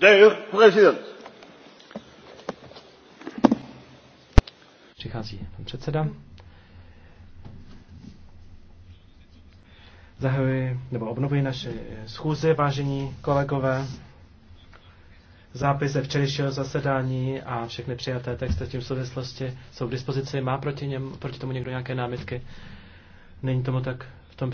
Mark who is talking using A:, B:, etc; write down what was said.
A: Der prezident.
B: Přichází pan předseda. Zahajuji nebo obnovuji naše schůze, vážení kolegové. Zápis ze včerejšího zasedání a všechny přijaté texty v tím souvislosti jsou k dispozici. Má proti, něm, proti tomu někdo nějaké námitky?
C: Není tomu tak?